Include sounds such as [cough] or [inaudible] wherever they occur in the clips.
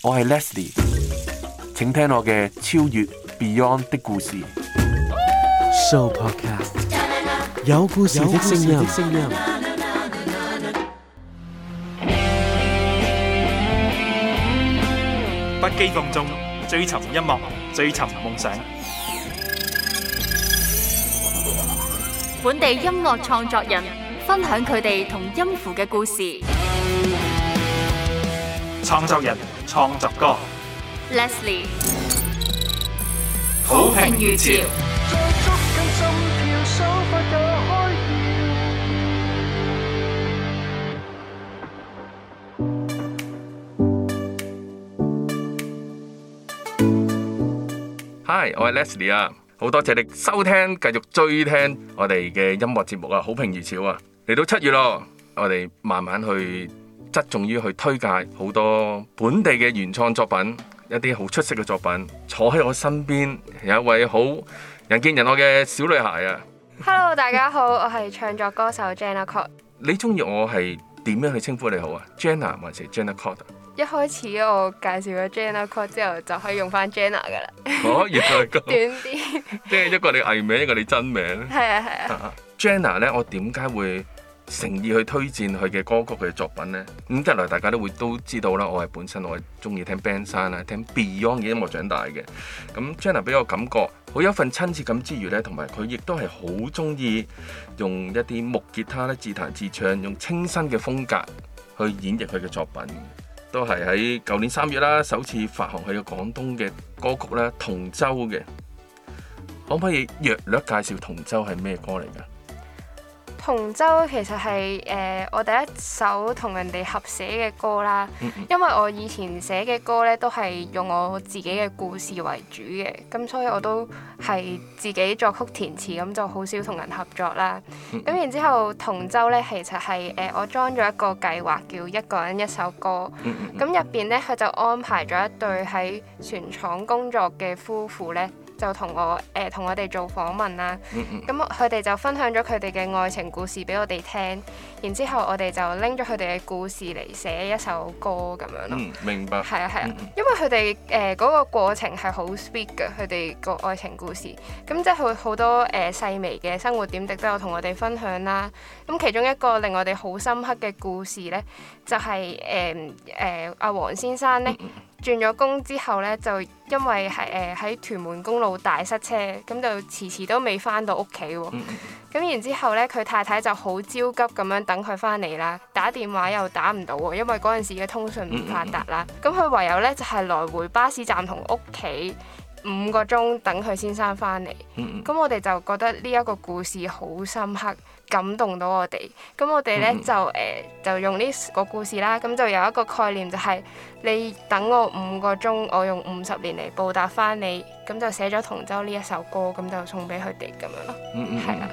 我係 Leslie，請聽我嘅超越 Beyond 的故事。Show Podcast 有故事的聲音，不羈放縱追尋音樂，追尋夢想。本地音樂創作人分享佢哋同音符嘅故事。創作人。創作歌，Leslie，好評如潮。Hi，我係 Leslie 啊，好多謝你收聽，繼續追聽我哋嘅音樂節目啊，好評如潮啊，嚟到七月咯，我哋慢慢去。着重於去推介好多本地嘅原創作品，一啲好出色嘅作品。坐喺我身邊有一位好人見人愛嘅小女孩啊！Hello，大家好，我係唱作歌手 Jenna Cord。 [laughs] 你中意我係點樣去稱呼你好啊？Jenna 還、啊啊、是 Jenna Cord？一開始我介紹咗 Jenna Cord 之後，就可以用翻 Jenna 噶啦。哦，原來咁短啲，即係一個你藝名，一個你真名。係啊係啊。 [laughs] Jenna 呢，我點解會？誠意去推薦佢嘅歌曲，佢嘅作品呢。咁得來大家都會都知道啦。我係本身我係中意聽 band 山、啊、啦，聽 Beyond 嘅音樂長大嘅。咁 Jenna 俾我感覺好有一份親切感之餘呢，同埋佢亦都係好中意用一啲木吉他咧自彈自唱，用清新嘅風格去演繹佢嘅作品。都係喺舊年三月啦，首次發行去嘅廣東嘅歌曲咧《同舟》嘅。可唔可以略略介紹《同舟》係咩歌嚟㗎？同舟其實係誒、呃、我第一首同人哋合寫嘅歌啦， [laughs] 因為我以前寫嘅歌咧都係用我自己嘅故事為主嘅，咁所以我都係自己作曲填詞，咁就好少同人合作啦。咁 [laughs] 然之後同舟咧其實係誒、呃、我裝咗一個計劃叫一個人一首歌，咁入邊咧佢就安排咗一對喺船廠工作嘅夫婦咧。就同我、呃、同我誒同我哋做訪問啦，咁佢哋就分享咗佢哋嘅愛情故事俾我哋聽，然之後我哋就拎咗佢哋嘅故事嚟寫一首歌咁樣咯、嗯。明白。係啊係啊，啊嗯、哼因為佢哋誒嗰個過程係好 sweet 㗎，佢哋個愛情故事，咁即係好好多誒、呃、細微嘅生活點滴都有同我哋分享啦。咁其中一個令我哋好深刻嘅故事呢，就係誒誒阿王先生呢。嗯轉咗工之後呢，就因為係誒喺屯門公路大塞車，咁就遲遲都未翻到屋企喎。咁 [noise] 然之後呢，佢太太就好焦急咁樣等佢翻嚟啦，打電話又打唔到喎，因為嗰陣時嘅通訊唔發達啦。咁佢 [noise] 唯有呢，就係、是、來回巴士站同屋企五個鐘等佢先生翻嚟。咁 [noise] 我哋就覺得呢一個故事好深刻。感動到我哋，咁我哋咧就誒就用呢個故事啦，咁就有一個概念就係你等我五個鐘，我用五十年嚟報答翻你，咁就寫咗《同舟》呢一首歌，咁就送俾佢哋咁樣咯，係啦。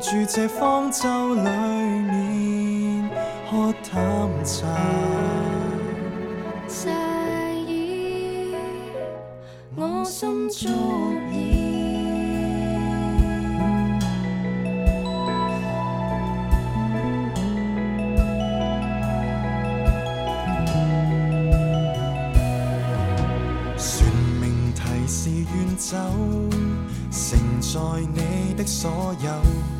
住這方舟裡面喝淡茶，在意我心足矣。蟬鳴 [noise] 提示遠走，盛載你的所有。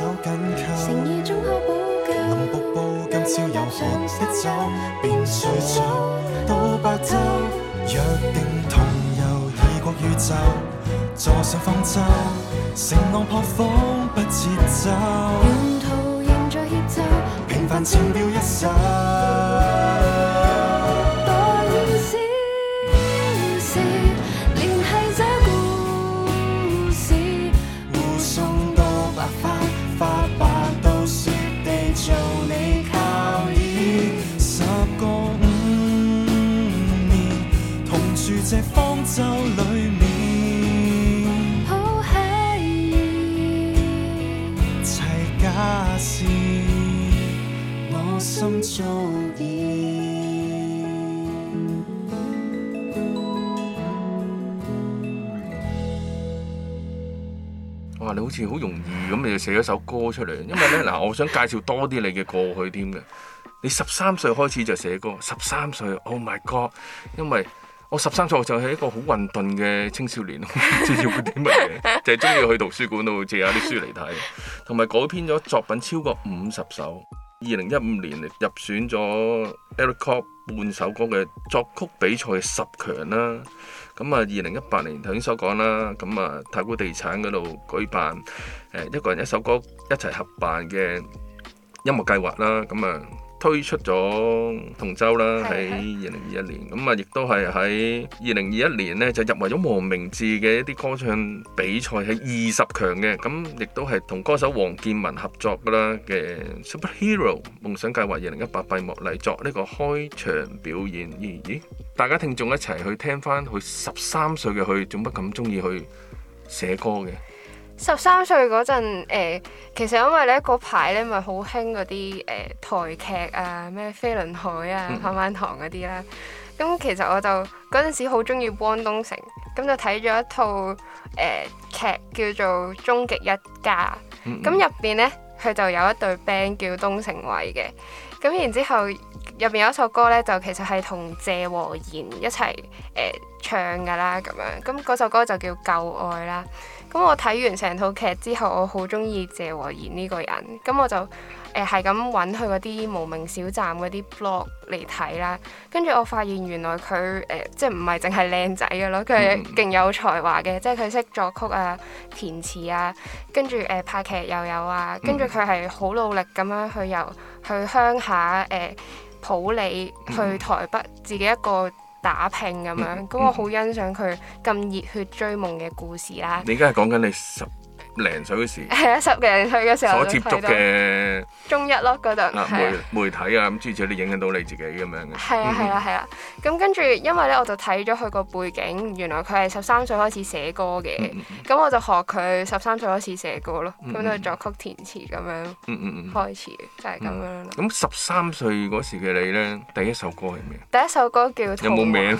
手緊扣，意終可補救。臨瀑布，今朝有可一走，便醉著到白晝。約定同遊，異國宇宙，坐上方舟，乘浪破風不節奏。沿途仍在協奏，平凡情調一首。不面抱起，齊好奇 家我心早已。哇！你好似好容易咁，你就寫咗首歌出嚟。因為咧，嗱、 [laughs] 啊，我想介紹多啲你嘅過去添嘅。你十三歲開始就寫歌，十三歲，Oh my God！因為我、哦、十三歲就係一個好混沌嘅青少年，唔 [laughs] 知做啲乜嘢， [laughs] 淨係中意去圖書館度借下啲書嚟睇，同埋改編咗作品超過五十首。二零一五年入選咗 Eric Cop 半首歌嘅作曲比賽十強啦。咁啊，二零一八年頭先所講啦，咁啊，太古地產嗰度舉辦誒一個人一首歌一齊合辦嘅音樂計劃啦，咁啊。推出咗《同舟》啦，喺二零二一年，咁啊，亦都係喺二零二一年咧就入圍咗黃明志嘅一啲歌唱比賽係二十強嘅，咁亦都係同歌手黃建文合作噶啦嘅《Superhero》夢想計劃二零一八閉幕嚟作呢個開場表演。咦咦，大家聽眾一齊去聽翻佢十三歲嘅佢，做乜咁中意去寫歌嘅？十三歲嗰陣、欸，其實因為咧嗰排咧咪好興嗰啲誒台劇啊，咩飛輪海啊、棒棒堂嗰啲啦。咁其實我就嗰陣時好中意汪東城，咁就睇咗一套誒、欸、劇叫做《終極一家》。咁入邊呢，佢就有一對 band 叫東城偉嘅。咁然之後入邊有一首歌呢，就其實係同謝和弦一齊誒、欸、唱噶啦咁樣。咁嗰首歌就叫《舊愛》啦。咁我睇完成套劇之後，我好中意謝和弦呢個人，咁我就誒係咁揾佢嗰啲無名小站嗰啲 blog 嚟睇啦。跟住我發現原來佢誒、呃、即係唔係淨係靚仔嘅咯，佢係勁有才華嘅，即係佢識作曲啊、填詞啊，跟住誒拍劇又有啊，跟住佢係好努力咁樣去由去鄉下誒、呃、普洱，去台北自己一個，打拼咁樣，咁、嗯、我好欣賞佢咁熱血追夢嘅故事啦。你而家係講緊你十零歲嘅時，係啊！十零歲嘅時候所接觸嘅中一咯，嗰度媒媒體啊，咁諸如此類影響到你自己咁樣嘅，係啊，係啊，係啊。咁跟住，因為咧，我就睇咗佢個背景，原來佢係十三歲開始寫歌嘅，咁我就學佢十三歲開始寫歌咯，咁都係作曲填詞咁樣，嗯嗯嗯，開始就係咁樣。咁十三歲嗰時嘅你咧，第一首歌係咩？第一首歌叫《有冇名》，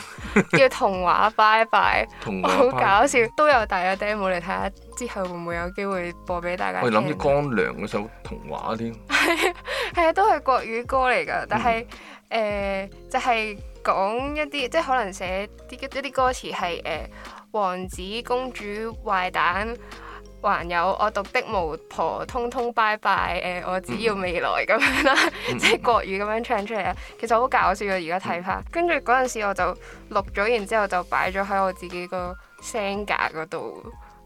叫《童話拜拜》，好搞笑，都有帶個 demo 嚟睇下。之後會唔會有機會播俾大家？我諗住《光良》嗰首《童話》添，係係啊，都係國語歌嚟噶。嗯、但係誒、呃，就係、是、講一啲即係可能寫啲一啲歌詞係誒、呃、王子公主壞蛋，還有我讀的巫婆，通通拜拜誒、呃，我只要未來咁樣啦，嗯、 [laughs] 即係國語咁樣唱出嚟啊。嗯、其實好搞笑啊！而家睇下，跟住嗰陣時我就錄咗，然之後就擺咗喺我自己個聲格嗰度。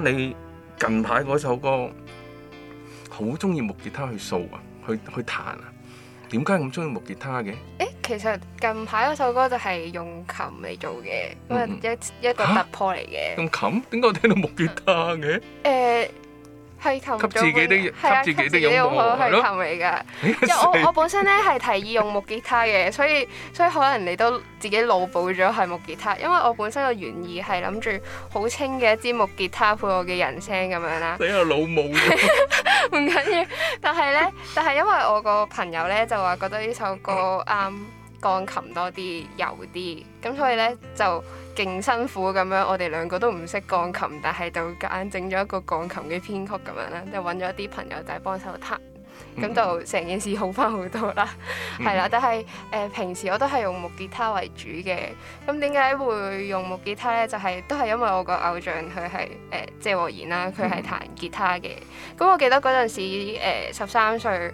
你近排嗰首歌好中意木吉他去掃啊，去去彈啊？點解咁中意木吉他嘅？誒、欸，其實近排嗰首歌就係用琴嚟做嘅、嗯嗯，一一個突破嚟嘅。用、啊、琴？點解我聽到木吉他嘅？誒、嗯。呃係琴，自己的，係啊對，自己用好，係琴嚟噶。因為我 [laughs] 我本身咧係提議用木吉他嘅，所以所以可能你都自己腦補咗係木吉他，因為我本身個原意係諗住好清嘅一支木吉他配我嘅人聲咁樣啦。你係老母，唔緊要。但係咧，但係因為我個朋友咧就話覺得呢首歌啱。Um, 鋼琴多啲，柔啲，咁所以呢，就勁辛苦咁樣。我哋兩個都唔識鋼琴，但係就夾硬整咗一個鋼琴嘅編曲咁樣啦，就揾咗一啲朋友就係幫手彈，咁、mm hmm. 就成件事好翻好多啦，係啦、mm hmm. 但係誒、呃、平時我都係用木吉他為主嘅，咁點解會用木吉他呢？就係、是、都係因為我個偶像佢係即係謝和弦啦，佢係彈吉他嘅。咁、mm hmm. 我記得嗰陣時十三、呃、歲。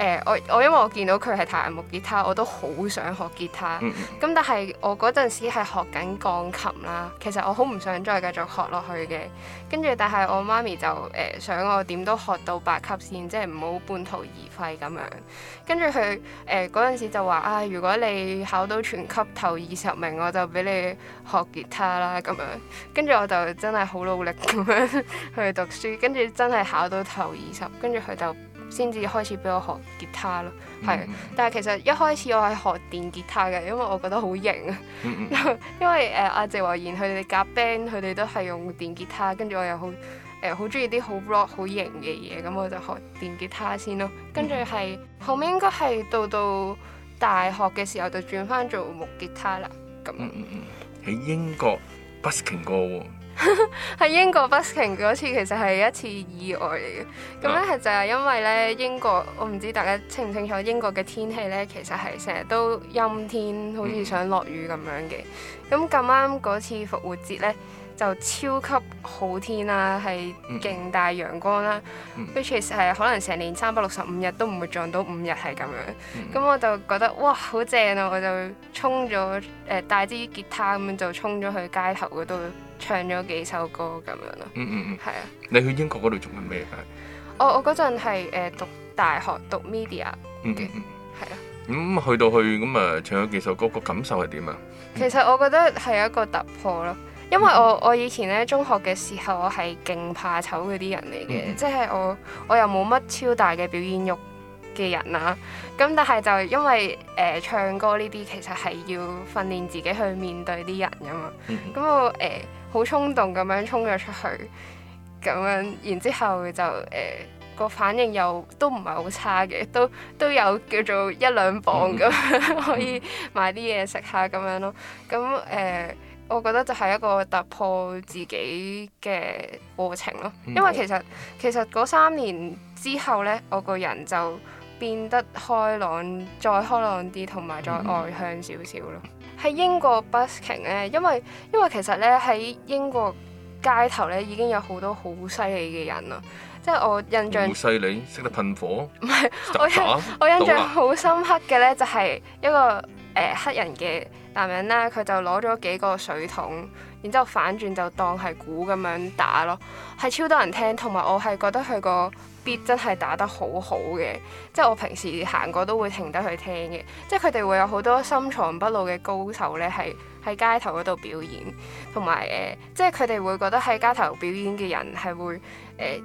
誒、呃、我我因為我見到佢係彈木吉他，我都好想學吉他。咁、嗯、但係我嗰陣時係學緊鋼琴啦，其實我好唔想再繼續學落去嘅。跟住但係我媽咪就誒、呃、想我點都學到八級先，即係唔好半途而廢咁樣。跟住佢誒嗰陣時就話啊，如果你考到全級頭二十名，我就俾你學吉他啦咁樣。跟住我就真係好努力咁樣 [laughs] 去讀書，跟住真係考到頭二十，跟住佢就，先至開始俾我學吉他咯，係、嗯嗯。但係其實一開始我係學電吉他嘅，因為我覺得好型啊。嗯嗯 [laughs] 因為誒、呃、阿謝華然佢哋夾 band，佢哋都係用電吉他，跟住我又好誒好中意啲好 rock 好型嘅嘢，咁我就學電吉他先咯。跟住係後面應該係到到大學嘅時候就轉翻做木吉他啦。咁喺、嗯嗯嗯、英國 busking 過。Bus 喺 [laughs] 英國 busking 嗰次其實係一次意外嚟嘅，咁咧、啊、就係因為咧英國我唔知大家清唔清楚英國嘅天氣咧，其實係成日都陰天，好似想落雨咁樣嘅，咁咁啱嗰次復活節咧。就超級好天啦、啊，係勁大陽光啦、啊 mm.，which is 係可能成年三百六十五日都唔會撞到五日係咁樣。咁、mm. 我就覺得哇，好正啊！我就衝咗誒、呃，帶啲吉他咁就衝咗去街頭嗰度唱咗幾首歌咁樣咯。嗯嗯嗯，係、hmm. 啊。你去英國嗰度做緊咩啊？我我嗰陣係誒讀大學讀 media、mm。Hmm. 嗯嗯啊。咁、嗯、去到去咁啊，唱咗幾首歌，個感受係點啊？其實我覺得係一個突破咯。因為我我以前咧中學嘅時候我、mm hmm. 我，我係勁怕醜嗰啲人嚟嘅，即係我我又冇乜超大嘅表演欲嘅人啊。咁但係就因為誒、呃、唱歌呢啲，其實係要訓練自己去面對啲人噶嘛。咁我誒好、呃、衝動咁樣衝咗出去，咁樣然之後就誒個、呃、反應又都唔係好差嘅，都都，都有叫做一兩磅咁樣、mm hmm. [laughs] 可以買啲嘢食下咁樣咯。咁誒。我覺得就係一個突破自己嘅過程咯，因為其實其實嗰三年之後呢，我個人就變得開朗再開朗啲，同埋再外向少少咯。喺、嗯、英國 Busking 呢，因為因為其實呢，喺英國街頭呢，已經有好多好犀利嘅人喇，即係我印象。好犀利，識得噴火。唔係 [laughs] 是，我乖我印象好深刻嘅呢，就係一個誒、呃、黑人嘅。男人咧，佢就攞咗幾個水桶，然之後反轉就當係鼓咁樣打咯，係超多人聽，同埋我係覺得佢個。必真係打得好好嘅，即係我平時行過都會停低去聽嘅，即係佢哋會有好多深藏不露嘅高手呢係喺街頭嗰度表演，同埋誒，即係佢哋會覺得喺街頭表演嘅人係會誒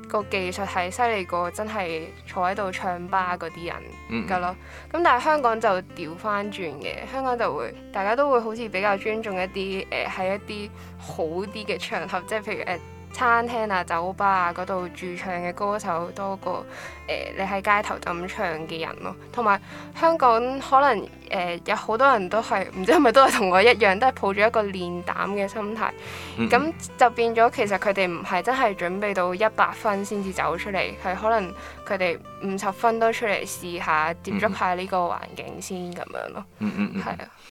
個、呃、技術係犀利過真係坐喺度唱吧嗰啲人噶咯，咁、mm. 但係香港就調翻轉嘅，香港就會大家都會好似比較尊重一啲誒喺一啲好啲嘅場合，即係譬如誒。呃餐廳啊、酒吧啊嗰度駐唱嘅歌手多過誒、呃，你喺街頭咁唱嘅人咯、啊。同埋香港可能誒、呃、有好多人都係唔知係咪都係同我一樣，都係抱住一個練膽嘅心態。咁、嗯嗯、就變咗其實佢哋唔係真係準備到一百分先至走出嚟，係可能佢哋五十分都出嚟試下接觸下呢個環境先咁、嗯嗯、樣咯。嗯，嗯係啊。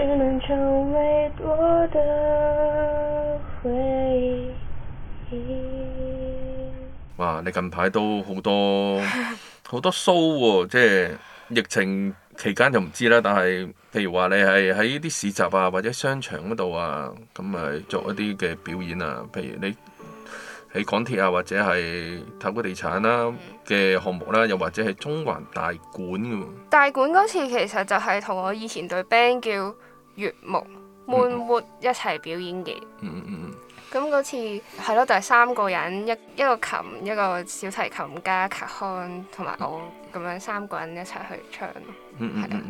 只能成為我的回憶哇！你近排都好多好 [laughs] 多 show 喎。哦，即係疫情期間就唔知啦。但係譬如話你係喺啲市集啊，或者商場嗰度啊，咁啊做一啲嘅表演啊。譬如你喺港鐵啊，或者係太古地產啦嘅項目啦，啊，又或者係中環大館噶。大館嗰次其實就係同我以前對 band 叫。月木悶活一齊表演嘅、嗯，嗯嗯嗯嗯，咁嗰次係咯，就係、三個人一一個琴，一個小提琴加卡康同埋我咁、嗯、樣三個人一齊去唱，嗯嗯嗯嗯，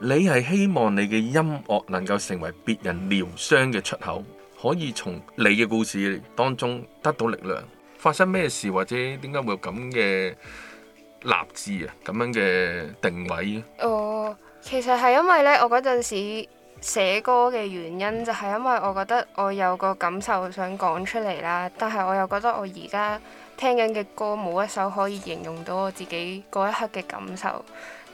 嗯的你係希望你嘅音樂能夠成為別人療傷嘅出口，可以從你嘅故事當中得到力量。發生咩事或者點解會有咁嘅立志啊？咁樣嘅定位哦，其實係因為咧，我嗰陣時。寫歌嘅原因就係因為我覺得我有個感受想講出嚟啦，但係我又覺得我而家聽緊嘅歌冇一首可以形容到我自己嗰一刻嘅感受，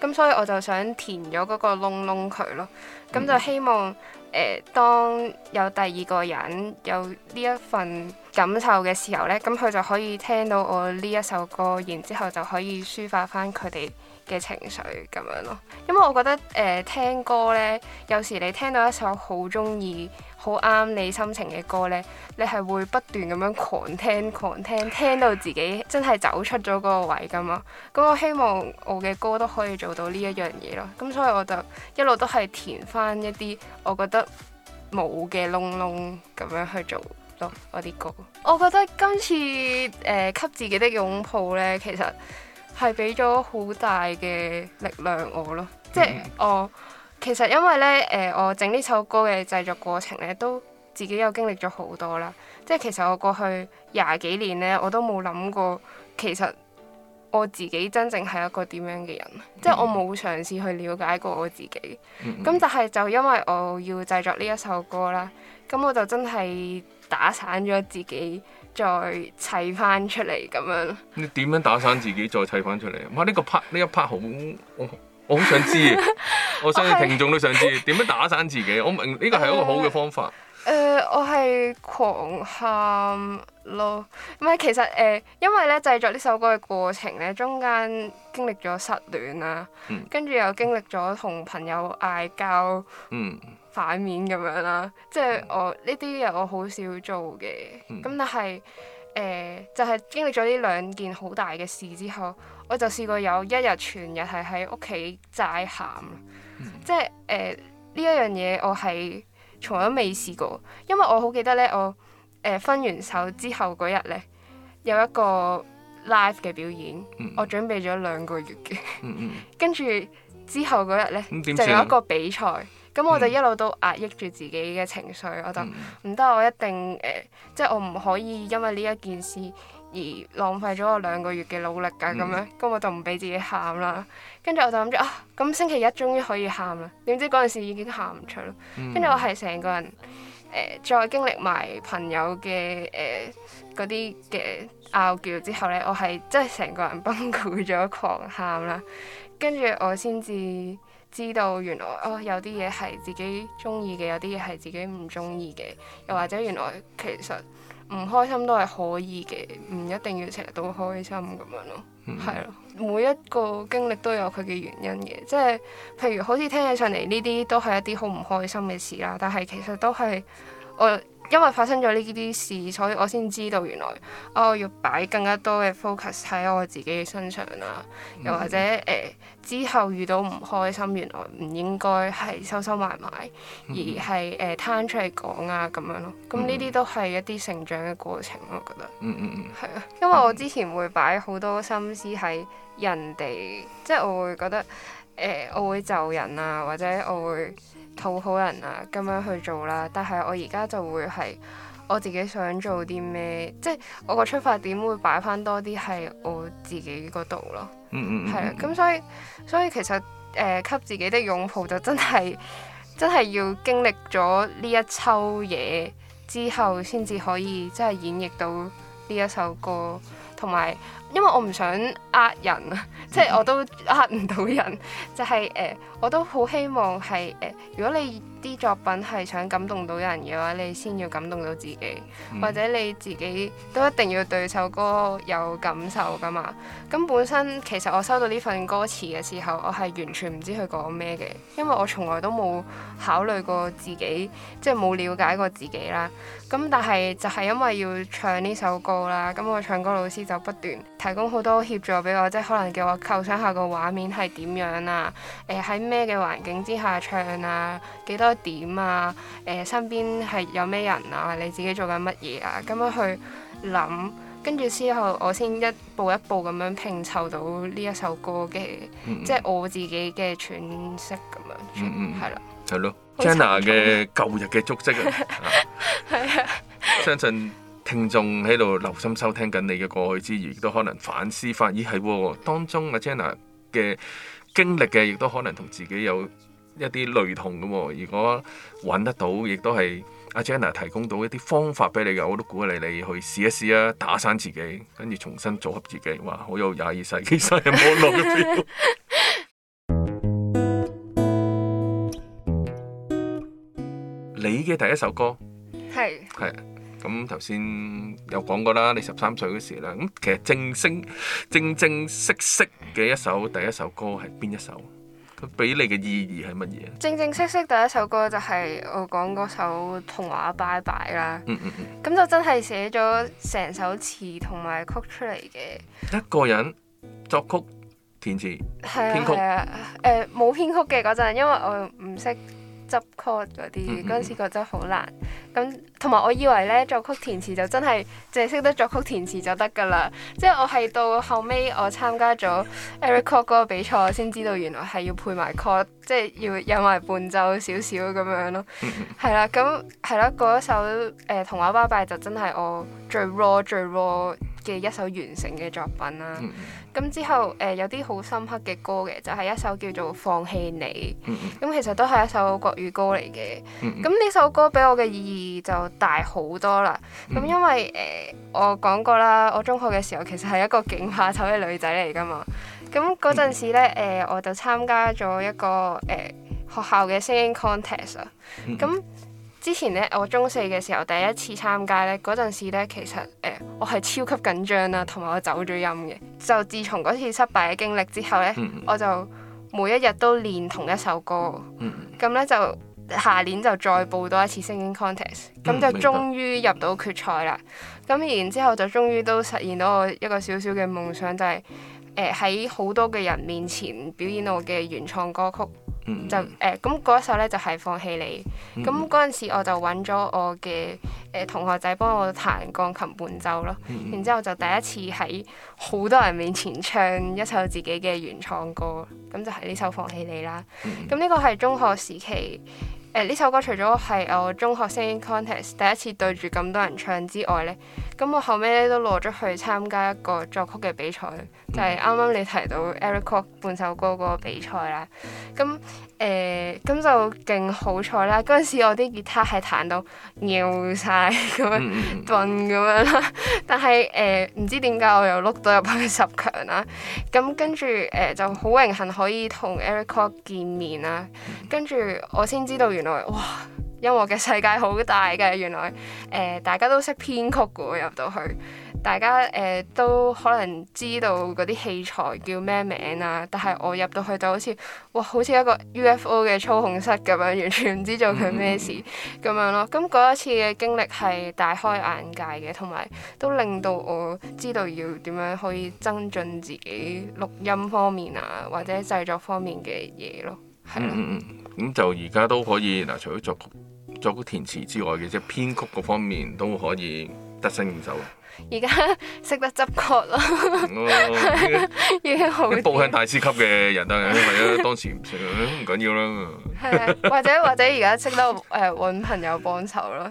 咁所以我就想填咗嗰個窿窿佢咯。咁、嗯、就希望誒、呃、當有第二個人有呢一份感受嘅時候呢，咁佢就可以聽到我呢一首歌，然之後就可以抒發翻佢哋嘅情緒咁樣咯，因為我覺得誒、呃、聽歌呢，有時你聽到一首好鍾意、好啱你心情嘅歌呢，你係會不斷咁樣狂聽、狂聽，聽到自己真係走出咗嗰個位㗎嘛。咁我希望我嘅歌都可以做到呢一樣嘢咯。咁所以我就一路都係填翻一啲我覺得冇嘅窿窿咁樣去做咯，我啲歌。我覺得今次誒給、呃、自己的擁抱呢，其實～係俾咗好大嘅力量我咯，即係我其實因為呢，誒、呃，我整呢首歌嘅製作過程呢，都自己有經歷咗好多啦。即係其實我過去廿幾年呢，我都冇諗過其實我自己真正係一個點樣嘅人，嗯、即係我冇嘗試去了解過我自己。咁、嗯嗯、但係就因為我要製作呢一首歌啦，咁我就真係打散咗自己。再砌翻出嚟咁樣，你點樣打散自己再砌翻出嚟啊？哇，呢、這個 part 呢一 part 好我我好想知， [laughs] 我相信聽眾都想知點 [laughs] 樣打散自己。我明呢個係一個好嘅方法。誒、呃呃，我係狂喊咯，唔係其實誒、呃，因為咧製作呢首歌嘅過程咧，中間經歷咗失戀啦，嗯、跟住又經歷咗同朋友嗌交。嗯。反面咁樣啦，即係我呢啲嘢我好少做嘅，咁、嗯、但係誒、呃、就係、是、經歷咗呢兩件好大嘅事之後，我就試過有一日全日係喺屋企齋喊，嗯、即係誒呢一樣嘢我係從來都未試過，因為我好記得呢，我誒、呃、分完手之後嗰日呢，有一個 live 嘅表演，嗯、我準備咗兩個月嘅，跟住、嗯嗯、 [laughs] 之後嗰日呢，嗯、就有一個比賽。咁、嗯、我就一路都壓抑住自己嘅情緒，我就唔得、嗯，我一定誒、呃，即係我唔可以因為呢一件事而浪費咗我兩個月嘅努力㗎咁樣，咁、嗯、我就唔俾自己喊啦。跟住我就諗住啊，咁星期一終於可以喊啦，點知嗰陣時已經喊唔出啦。跟住、嗯、我係成個人誒、呃，再經歷埋朋友嘅誒嗰啲嘅拗撬之後咧，我係真係成個人崩潰咗，狂喊啦。跟住我先至，知道原來啊、哦，有啲嘢係自己中意嘅，有啲嘢係自己唔中意嘅，又或者原來其實唔開心都係可以嘅，唔一定要成日都開心咁樣咯，係咯、嗯，每一個經歷都有佢嘅原因嘅，即係譬如好似聽起上嚟呢啲都係一啲好唔開心嘅事啦，但係其實都係我。因為發生咗呢啲事，所以我先知道原來，哦，我要擺更加多嘅 focus 喺我自己嘅身上啦、啊。又或者誒、mm hmm. 呃，之後遇到唔開心，原來唔應該係收收埋埋，而係誒攤出嚟講啊咁樣咯。咁呢啲都係一啲成長嘅過程咯，我覺得。嗯係、mm hmm. 啊，因為我之前會擺好多心思喺人哋，即係我會覺得誒、呃，我會就人啊，或者我會。好好人啊，咁樣去做啦。但係我而家就會係我自己想做啲咩，即係我個出發點會擺翻多啲係我自己嗰度咯。嗯係啊。咁、hmm. 所以所以其實誒、呃、給自己的擁抱就真係真係要經歷咗呢一抽嘢之後，先至可以真係演繹到呢一首歌。同埋，因為我唔想呃人啊，即 [laughs] 係我都呃唔到人，就係、是、誒、呃，我都好希望係誒、呃，如果你啲作品係想感動到人嘅話，你先要感動到自己，嗯、或者你自己都一定要對首歌有感受㗎嘛。咁本身其實我收到呢份歌詞嘅時候，我係完全唔知佢講咩嘅，因為我從來都冇考慮過自己，即係冇了解過自己啦。咁但係就係因為要唱呢首歌啦，咁我唱歌老師就不斷提供好多協助俾我，即係可能叫我構想下個畫面係點樣啊，誒喺咩嘅環境之下唱啊，幾多點啊，誒、呃、身邊係有咩人啊，你自己做緊乜嘢啊，咁樣去諗，跟住之後我先一步一步咁樣拼湊到呢一首歌嘅，即係、嗯、我自己嘅詮釋咁樣，係、嗯嗯、啦，係咯。Jenna 嘅舊日嘅足跡 [laughs] 啊， [laughs] 相信聽眾喺度留心收聽緊你嘅過去之餘，亦都可能反思翻，咦係喎，當中阿 Jenna 嘅經歷嘅，亦都可能同自己有一啲類同嘅喎、哦。如果揾得到，亦都係阿 Jenna 提供到一啲方法俾你嘅，我都鼓勵你，你去試一試啊，打散自己，跟住重新組合自己，哇！好有廿二世紀新人冇樣你嘅第一首歌？係係咁頭先有講過啦，你十三歲嗰時啦，咁其實正聲正正式式嘅一首第一首歌係邊一首？佢俾你嘅意義係乜嘢？正正式式第一首歌就係我講嗰首童話拜拜啦。咁、嗯嗯嗯、就真係寫咗成首詞同埋曲出嚟嘅。一個人作曲填詞係編曲誒，冇編、啊啊呃、曲嘅嗰陣，因為我唔識。執 chord 嗰啲，嗰陣、mm hmm. 時覺得好難。咁同埋我以為呢作曲填詞就真係淨係識得作曲填詞就得㗎啦。即係我係到後尾我參加咗 Eric Core 嗰個比賽，先知道原來係要配埋 chord, 即係要有埋伴奏少少咁樣咯。係啦、 [laughs] 嗯，咁係咯，嗰、嗯、一首誒、呃、童話芭比就真係我最 raw o 最 raw o 嘅一首完成嘅作品啦。Mm hmm. 咁之後，誒、呃、有啲好深刻嘅歌嘅，就係、是、一首叫做《放棄你》。咁 [laughs] 其實都係一首國語歌嚟嘅。咁呢 [laughs] 首歌俾我嘅意義就大好多啦。咁 [laughs] 因為誒、呃，我講過啦，我中學嘅時候其實係一個勁怕醜嘅女仔嚟㗎嘛。咁嗰陣時咧，誒、呃、我就參加咗一個誒、呃、學校嘅聲音 contest 啊。咁 [laughs] [laughs] 之前咧，我中四嘅時候第一次參加咧，嗰陣時咧，其實誒、呃、我係超級緊張啦，同埋我走咗音嘅。就自從嗰次失敗嘅經歷之後咧，嗯嗯我就每一日都練同一首歌。咁咧、嗯嗯、就下年就再報多一次 Singing Contest，咁就終於入到決賽啦。咁、嗯、然之後就終於都實現到我一個小小嘅夢想，就係、是、喺好、呃、多嘅人面前表演我嘅原創歌曲，嗯、就誒咁嗰首咧就係、是、放棄你。咁嗰陣時我就揾咗我嘅誒、呃、同學仔幫我彈鋼琴伴奏咯。嗯、然之後就第一次喺好多人面前唱一首自己嘅原創歌，咁就係呢首放棄你啦。咁呢、嗯、個係中學時期誒呢、呃、首歌，除咗係我中學聲音 contest 第一次對住咁多人唱之外咧。咁我後尾咧都落咗去參加一個作曲嘅比賽，嗯、就係啱啱你提到 Eric Kwok 半首歌個比賽啦。咁誒咁就勁好彩啦！嗰陣時我啲吉他係彈咬到尿晒咁樣頓咁、嗯、樣啦，但係誒唔知點解我又碌到入去十強啦。咁跟住誒就好榮幸可以同 Eric Kwok 見面啦。跟住、嗯、我先知道原來哇～音樂嘅世界好大㗎，原來誒、呃、大家都識編曲㗎，我入到去，大家誒都可能知道嗰啲器材叫咩名啊，但係我入到去就好似，哇，好似一個 UFO 嘅操控室咁樣，完全唔知做緊咩事咁、嗯、樣咯。咁嗰一次嘅經歷係大開眼界嘅，同埋都令到我知道要點樣可以增進自己錄音方面啊，或者製作方面嘅嘢咯。係啊，咁、嗯嗯嗯嗯、就而家都可以嗱，除咗作曲。作個填詞之外嘅，即係編曲嗰方面都可以得心應手。而家識得執曲咯，已經好，步向大師級嘅人，當然係啊，當時唔識，唔緊要啦。係 [laughs] 或者或者而家識得誒揾、呃、朋友幫手咯。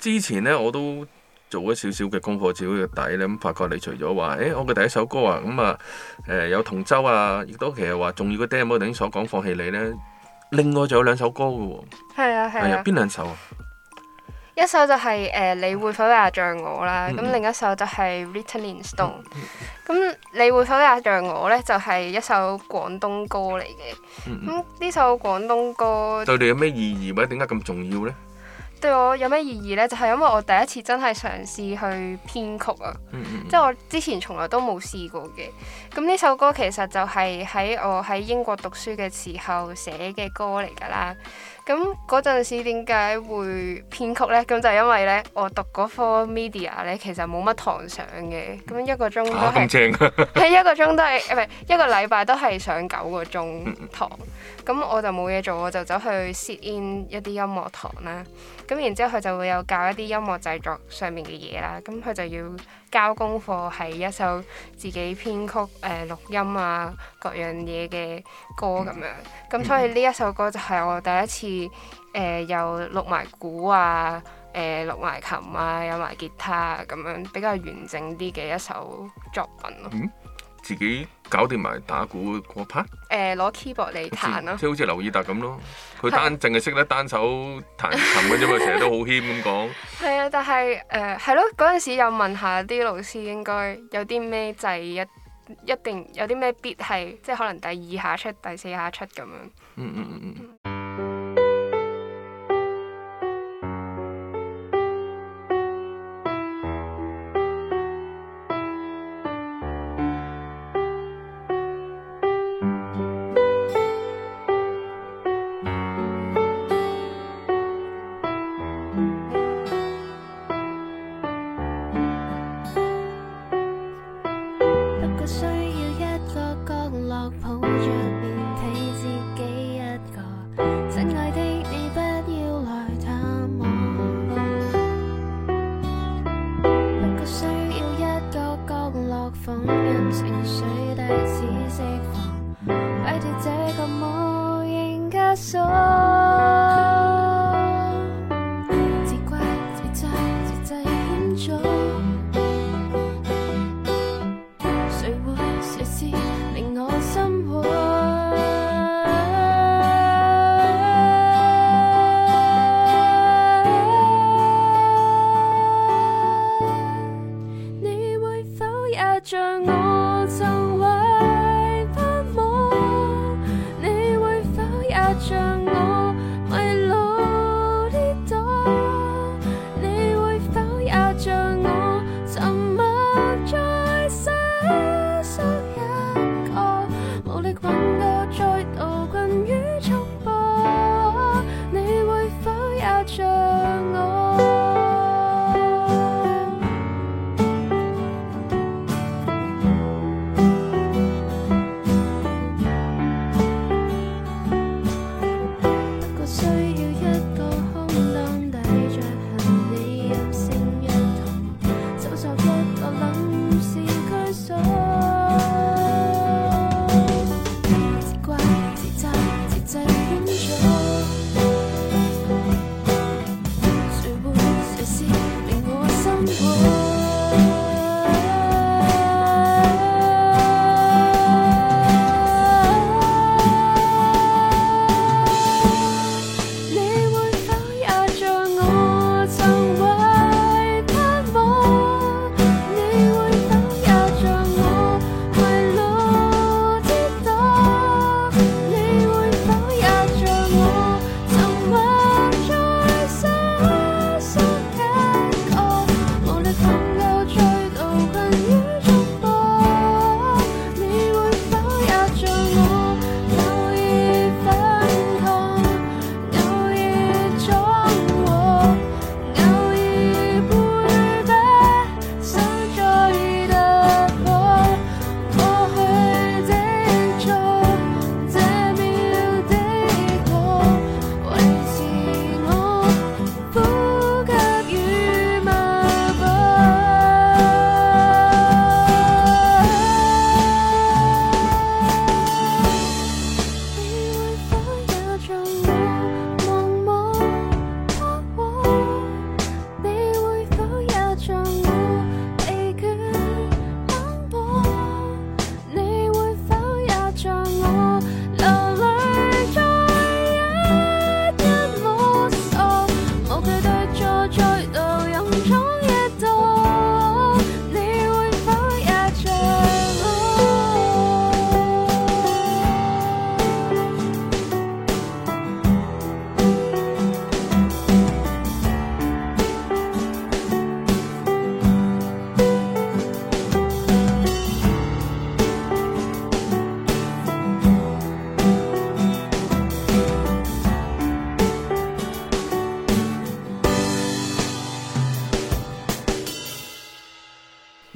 之前呢，我都做咗少少嘅功課，照個底咧，咁發覺你除咗話，誒、欸，我嘅第一首歌啊，咁、嗯、啊，誒、呃，有同舟啊，亦都其實話仲要個 demo，頭先所講放棄你咧，另外就有兩首歌嘅喎、哦，係啊係啊，邊兩、啊啊、首啊？一首就係、是、誒、呃、你會否也像我啦，咁、嗯嗯、另一首就係 Written in Stone。咁、嗯嗯、你會否也像我呢，就係、是、一首廣東歌嚟嘅。咁呢、嗯嗯、首廣東歌對你有咩意義或者點解咁重要呢？對我有咩意義呢？就係、是、因為我第一次真係嘗試去編曲啊，即係、嗯嗯嗯、我之前從來都冇試過嘅。咁呢首歌其實就係喺我喺英國讀書嘅時候寫嘅歌嚟㗎啦。咁嗰陣時點解會編曲呢？咁就因為呢，我讀嗰科 media 呢，其實冇乜堂上嘅。咁一個鐘都係，係、啊、 [laughs] 一個鐘都係，唔係一個禮拜都係上九個鐘堂。咁我就冇嘢做，我就走去 sit in 一啲音樂堂啦。咁然之後佢就會有教一啲音樂製作上面嘅嘢啦。咁佢就要。交功課係一首自己編曲、誒、呃、錄音啊，各樣嘢嘅歌咁樣。咁、嗯、所以呢一首歌就係我第一次誒、呃、又錄埋鼓啊、誒、呃、錄埋琴啊、有埋吉他啊咁樣比較完整啲嘅一首作品咯、嗯。自己。搞掂埋打鼓嗰 part，誒，攞 keyboard 嚟彈、啊、咯，即係好似劉以達咁咯，佢單淨係識得單手彈琴嘅啫嘛，成日都好謙咁講。係啊，但係誒係咯，嗰陣時又問下啲老師，應該有啲咩掣一一定有啲咩必係，即係可能第二下出第四下出咁樣。嗯嗯嗯嗯。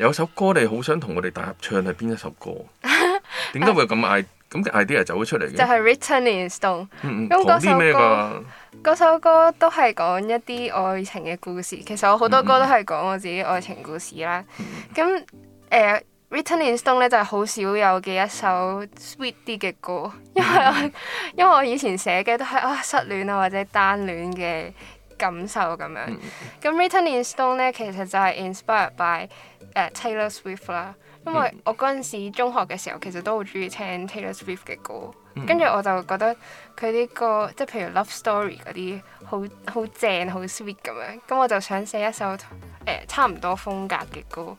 有首歌你好想同我哋大合唱係邊一首歌？點解 [laughs] 會咁嗌？咁嘅 [laughs] idea 走咗出嚟嘅。就係 Written in Stone。嗯嗯。講嗰首，首歌都係講一啲愛情嘅故事。其實我好多歌都係講我自己愛情故事啦。咁誒 Written in Stone 咧就係好少有嘅一首 sweet 啲嘅歌，因為我、嗯、因為我以前寫嘅都係啊失戀啊或者單戀嘅。感受咁樣，咁 Written in Stone 咧，其實就係 inspired by 誒 Taylor Swift 啦。因為我嗰陣時中學嘅時候，其實都好中意聽 Taylor Swift 嘅歌，跟住我就覺得佢啲歌，即係譬如 Love Story 嗰啲，好好正、好 sweet 咁樣。咁我就想寫一首誒差唔多風格嘅歌，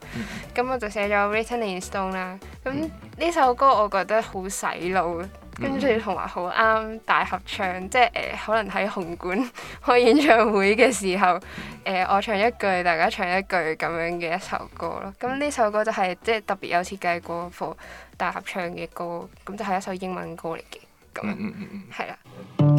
咁我就寫咗 Written in Stone 啦。咁呢首歌我覺得好洗腦啊！跟住同埋好啱大合唱，即係誒、呃、可能喺紅館 [laughs] 開演唱會嘅時候，誒、呃、我唱一句，大家唱一句咁樣嘅一首歌咯。咁呢首歌就係、是、即係特別有設計過課大合唱嘅歌，咁就係一首英文歌嚟嘅，咁係 [laughs] 啦。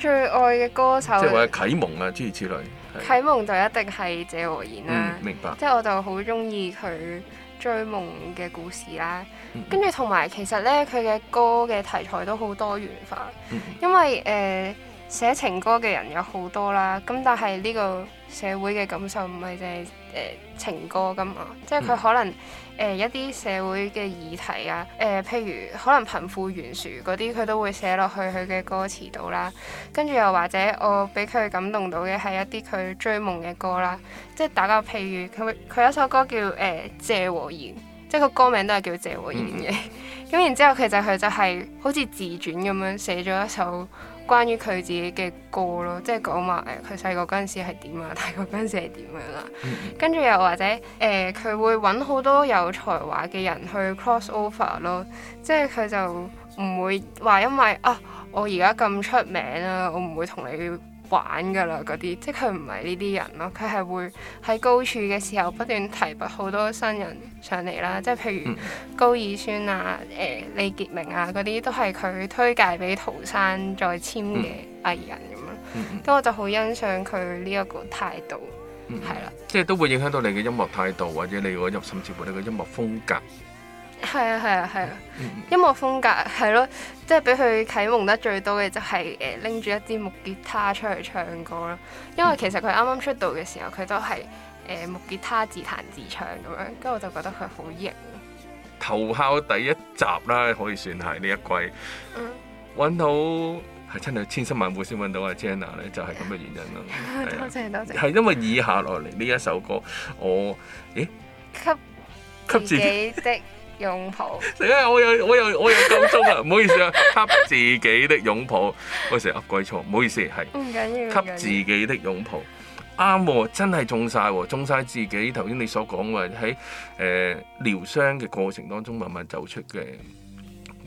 最愛嘅歌手，即係話啟蒙啊，諸如此類。啟蒙就一定係謝和弦啦、啊嗯。明白。即係我就好中意佢追夢嘅故事啦、啊。嗯嗯跟住同埋其實咧，佢嘅歌嘅題材都好多元化。嗯嗯因為誒、呃、寫情歌嘅人有好多啦。咁但係呢個社會嘅感受唔係淨係誒情歌噶嘛。即係佢可能、嗯。誒、呃、一啲社會嘅議題啊，誒、呃、譬如可能貧富懸殊嗰啲，佢都會寫落去佢嘅歌詞度啦。跟住又或者我俾佢感動到嘅係一啲佢追夢嘅歌啦，即係打個譬如佢佢有一首歌叫誒、呃、謝和弦，即係個歌名都係叫謝和弦嘅。咁、嗯、 [laughs] 然之後其實佢就係、是、好似自傳咁樣寫咗一首。關於佢自己嘅歌咯，即係講埋佢細個嗰陣時係點啊，大個嗰陣時係點樣啦。嗯、跟住又或者誒，佢、呃、會揾好多有才華嘅人去 cross over 咯，即係佢就唔會話因為啊，我而家咁出名啊，我唔會同你玩噶啦，嗰啲即係佢唔係呢啲人咯，佢係會喺高處嘅時候不斷提拔好多新人上嚟啦，即係譬如高爾宣啊、誒、欸、李傑明啊嗰啲都係佢推介俾陶山再簽嘅藝人咁樣，但我就好欣賞佢呢一個態度，係、嗯、啦，即係都會影響到你嘅音樂態度或者你嗰個音，甚至乎你嘅音樂風格。係啊係啊係啊！音樂風格係咯，啊，即係俾佢啟蒙得最多嘅就係誒拎住一支木吉他出去唱歌囉。因為其實佢啱啱出道嘅時候，佢都係誒、呃、木吉他自彈自唱咁樣，跟住我就覺得佢好型。頭校第一集啦，可以算係呢一季揾，嗯、到係真係千辛萬苦先揾到阿 Jenna 咧，anna，就係咁嘅原因啦。多謝多謝。係，啊、因為以下落嚟呢一首歌，我咦？給給自己的。擁抱，成日我有我有我有夠鐘啊。唔好意思啊，給自己的擁抱，喂成日噏鬼錯，唔好意思，係唔緊要，給自己的擁抱，啱喎，真係中晒，中晒自己，頭先你所講話喺誒療傷嘅過程當中慢慢走出嘅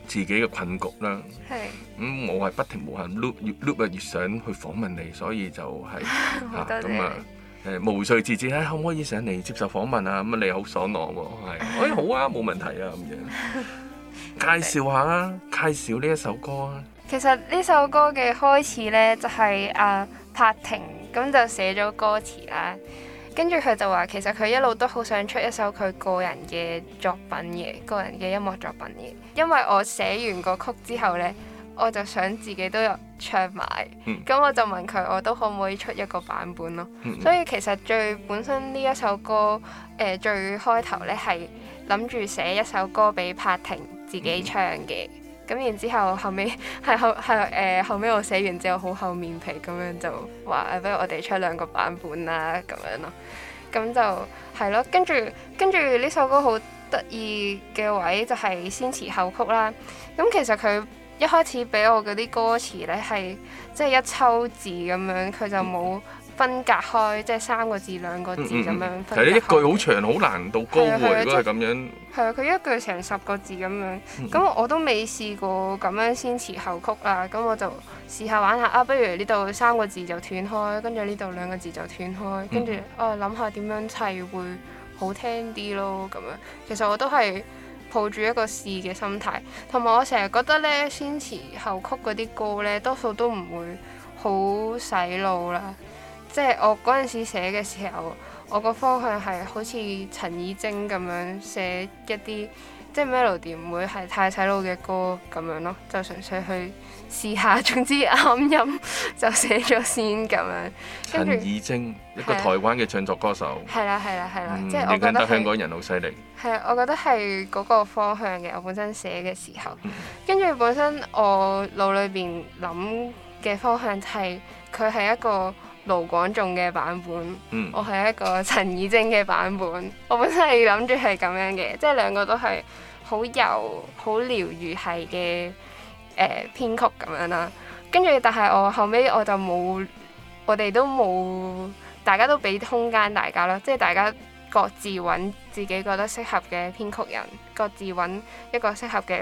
自己嘅困局啦，係，咁我係不停無限 loop 越 loop 啊越想去訪問你，所以就係，好多謝。誒毛遂自薦咧，可唔可以上嚟接受訪問啊？咁你好爽朗喎，啊，係，哎好啊，冇問題啊咁樣 [laughs] 介，介紹下啦，介紹呢一首歌啊。其實呢首歌嘅開始呢，就係、是、阿、啊、柏婷咁就寫咗歌詞啦，跟住佢就話其實佢一路都好想出一首佢個人嘅作品嘅個人嘅音樂作品嘅，因為我寫完個曲之後呢。我就想自己都有唱埋，咁、嗯、我就問佢，我都可唔可以出一個版本咯？嗯、所以其實最本身呢一首歌，誒、呃、最開頭咧係諗住寫一首歌俾柏廷自己唱嘅，咁、嗯、然之後後尾，係後係誒後尾、呃、我寫完之後好厚面皮咁樣就話不如我哋出兩個版本啦咁樣咯，咁就係咯。跟住跟住呢首歌好得意嘅位就係先詞後曲啦。咁其實佢。一開始俾我嗰啲歌詞呢，係即係一抽字咁樣，佢就冇分隔開，即係三個字兩個字咁樣分隔開。係咧，一句好長，好難度高喎、啊，如果係咁樣。係啊，佢一句成十個字咁樣，咁、嗯、我都未試過咁樣先詞後曲啦。咁我就試,試玩下玩下啊，不如呢度三個字就斷開，跟住呢度兩個字就斷開，跟住我諗下點樣砌會好聽啲咯咁樣其。其實我都係。抱住一個試嘅心態，同埋我成日覺得呢，先詞後曲嗰啲歌呢，多數都唔會好洗腦啦。即係我嗰陣時寫嘅時候，我個方向係好似陳以貞咁樣寫一啲即係 melody 唔會係太洗腦嘅歌咁樣咯，就純粹去。試下，總之啱音就寫咗先咁樣。跟住陳綺貞，一個台灣嘅唱作歌手。係啦係啦係啦，啊啊啊啊嗯、即係我覺得，得香港人好犀利。係啊，我覺得係嗰個方向嘅。我本身寫嘅時候，跟住本身我腦裏邊諗嘅方向係佢係一個盧廣仲嘅版本，嗯、我係一個陳綺貞嘅版本。我本身係諗住係咁樣嘅，即係兩個都係好柔，好療愈系嘅。誒編曲咁樣啦，跟住但係我後尾我就冇，我哋都冇，大家都俾空間大家啦，即係大家各自揾自己覺得適合嘅編曲人，各自揾一個適合嘅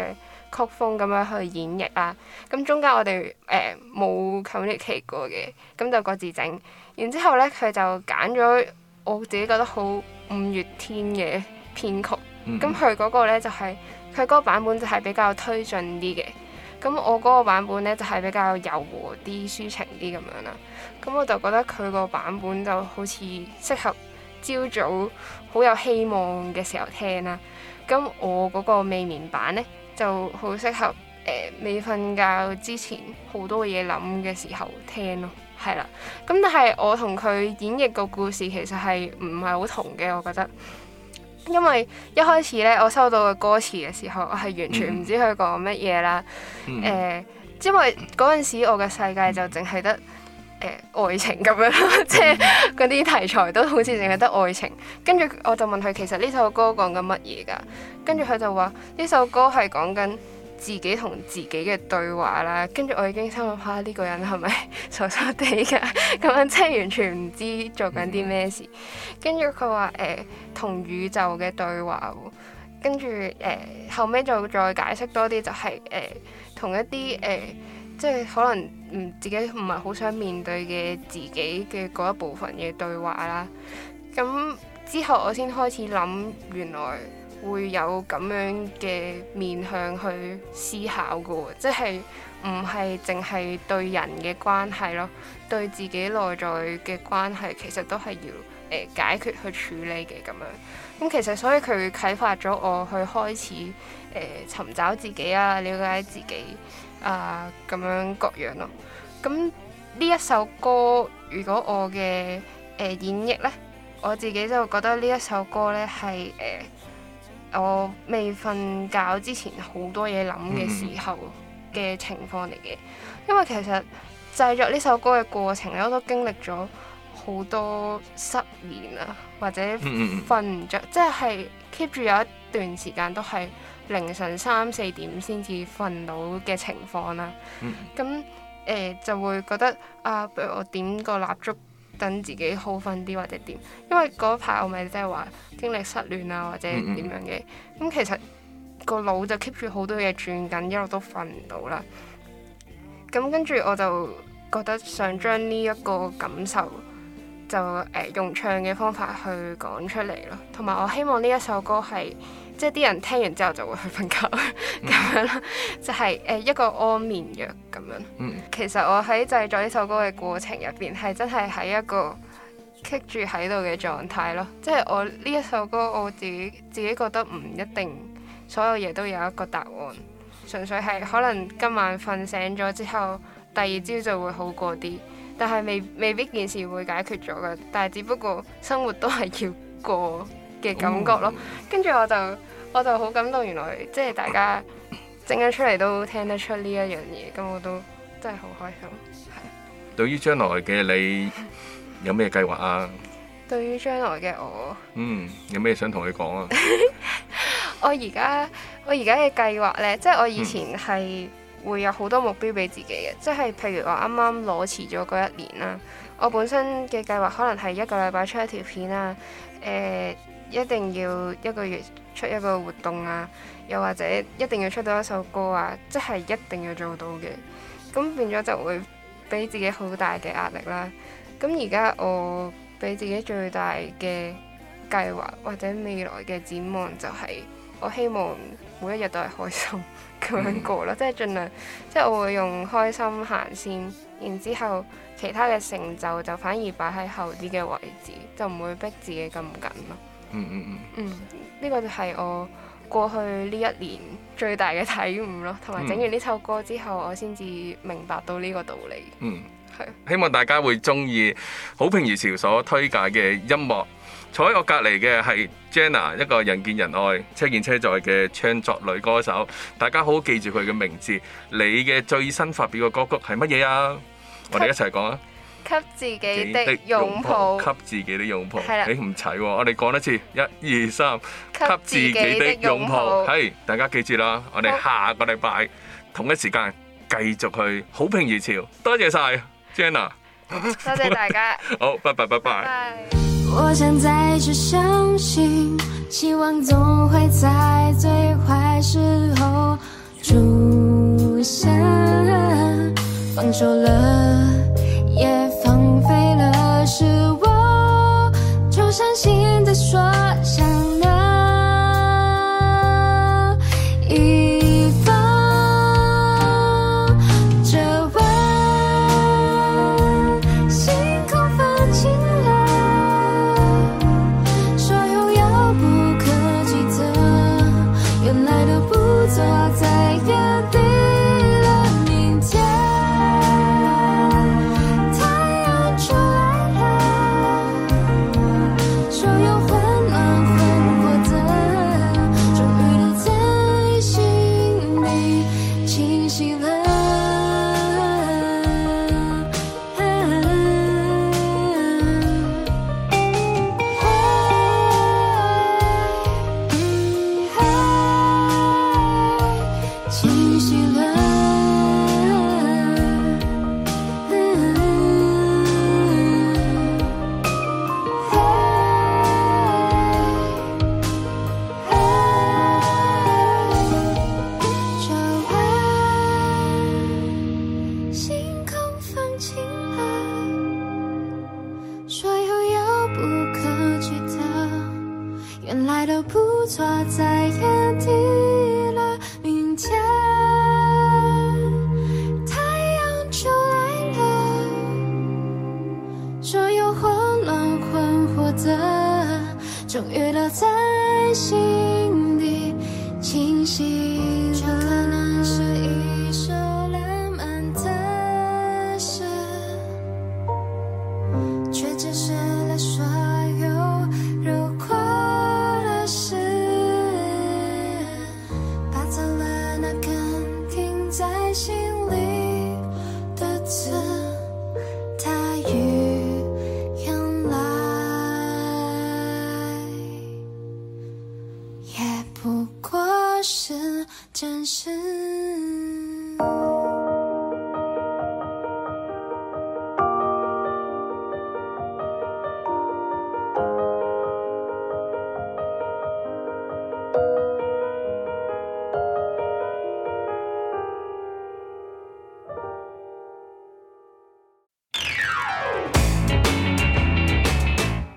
曲風咁樣去演繹啦。咁中間我哋誒冇 c o n t r a t 期 communicate 過嘅，咁就各自整。然之後咧，佢就揀咗我自己覺得好五月天嘅編曲，咁佢嗰個咧就係佢嗰個版本就係比較推進啲嘅。咁我嗰個版本呢，就係比較柔和啲、抒情啲咁樣啦。咁我就覺得佢個版本就好似適合朝早好有希望嘅時候聽啦。咁我嗰個未眠版呢，就好適合誒未瞓覺之前好多嘢諗嘅時候聽咯。係啦。咁但係我同佢演繹個故事其實係唔係好同嘅，我覺得。因為一開始咧，我收到嘅歌詞嘅時候，我係完全唔知佢講乜嘢啦。誒、mm hmm. 呃，因為嗰陣時我嘅世界就淨係得誒愛情咁樣咯，即係嗰啲題材都好似淨係得愛情。跟住我就問佢，其實呢首歌講緊乜嘢噶？跟住佢就話呢首歌係講緊。自己同自己嘅對話啦，跟住我已經心諗，下、啊、呢、呢個人係咪傻傻地㗎？咁即係完全唔知做緊啲咩事。呃、跟住佢話誒同宇宙嘅對話，跟住誒後尾就再解釋多啲、就係，就係誒同一啲誒、呃、即係可能嗯自己唔係好想面對嘅自己嘅嗰一部分嘅對話啦。咁之後我先開始諗，原來，會有咁樣嘅面向去思考嘅，即係唔係淨係對人嘅關係咯，對自己內在嘅關係，其實都係要誒、呃、解決去處理嘅咁樣。咁、嗯、其實所以佢啟發咗我去開始誒尋、呃、找自己啊，了解自己啊，咁、呃、樣各樣咯。咁、嗯、呢一首歌，如果我嘅誒、呃、演繹呢，我自己就覺得呢一首歌呢係誒。我未瞓覺之前好多嘢諗嘅時候嘅、mm hmm. 情況嚟嘅，因為其實製作呢首歌嘅過程咧，我都經歷咗好多失眠啊，或者瞓唔著，mm hmm. 即係 keep 住有一段時間都係凌晨三四點先至瞓到嘅情況啦、啊。咁誒、mm hmm. 呃、就會覺得啊，比如我點個蠟燭，等自己好瞓啲或者點，因為嗰排我咪即係話經歷失戀啊或者點樣嘅，咁、嗯嗯嗯、其實個腦就 keep 住好多嘢轉緊，一路都瞓唔到啦。咁、嗯、跟住我就覺得想將呢一個感受就誒、呃、用唱嘅方法去講出嚟咯，同埋我希望呢一首歌係。即係啲人聽完之後就會去瞓覺咁 [laughs] 樣啦，就係誒一個安眠藥咁樣。其實我喺製作呢首歌嘅過程入邊係真係喺一個棘住喺度嘅狀態咯。即係我呢一首歌，我自己自己覺得唔一定所有嘢都有一個答案，純粹係可能今晚瞓醒咗之後，第二朝就會好過啲，但係未未必件事會解決咗嘅。但係只不過生活都係要過嘅感覺咯。跟住我就。我就好感動，原來即係大家整咗出嚟都聽得出呢一樣嘢，咁我都真係好開心。係對、啊、對於將來嘅你有咩計劃啊？對於將來嘅我，嗯，有咩想同你講啊？ [laughs] 我而家我而家嘅計劃呢，即係我以前係會有好多目標俾自己嘅，嗯、即係譬如我啱啱攞遲咗嗰一年啦，我本身嘅計劃可能係一個禮拜出一條片啊，誒、呃，一定要一個月。出一個活動啊，又或者一定要出到一首歌啊，即係一定要做到嘅，咁變咗就會俾自己好大嘅壓力啦。咁而家我俾自己最大嘅計劃或者未來嘅展望就係，我希望每一日都係開心咁 [laughs] 樣過咯，即係 [laughs] 盡量，即係我會用開心行先，然之後其他嘅成就就反而擺喺後啲嘅位置，就唔會逼自己咁緊咯。嗯嗯嗯，嗯，呢個就係我過去呢一年最大嘅體悟咯。同埋整完呢首歌之後，我先至明白到呢個道理。嗯，係。希望大家會中意好評如潮所推介嘅音樂。坐喺我隔離嘅係 Jenna，一個人見人愛、車見車載嘅唱作女歌手。大家好好記住佢嘅名字。你嘅最新發表嘅歌曲係乜嘢啊？我哋一齊講啊！給自己的擁抱，自己的擁抱給自己的擁抱。你唔齊喎，我哋講一次，一二三，給自己的擁抱。係，hey, 大家記住啦，我哋下個禮拜、哦、同一時間繼續去好評如潮。多謝晒，Jenna，多謝大家。好，拜拜拜拜。我想再次相信，希望總會在最壞時候出現放手是我，就傷心地說想。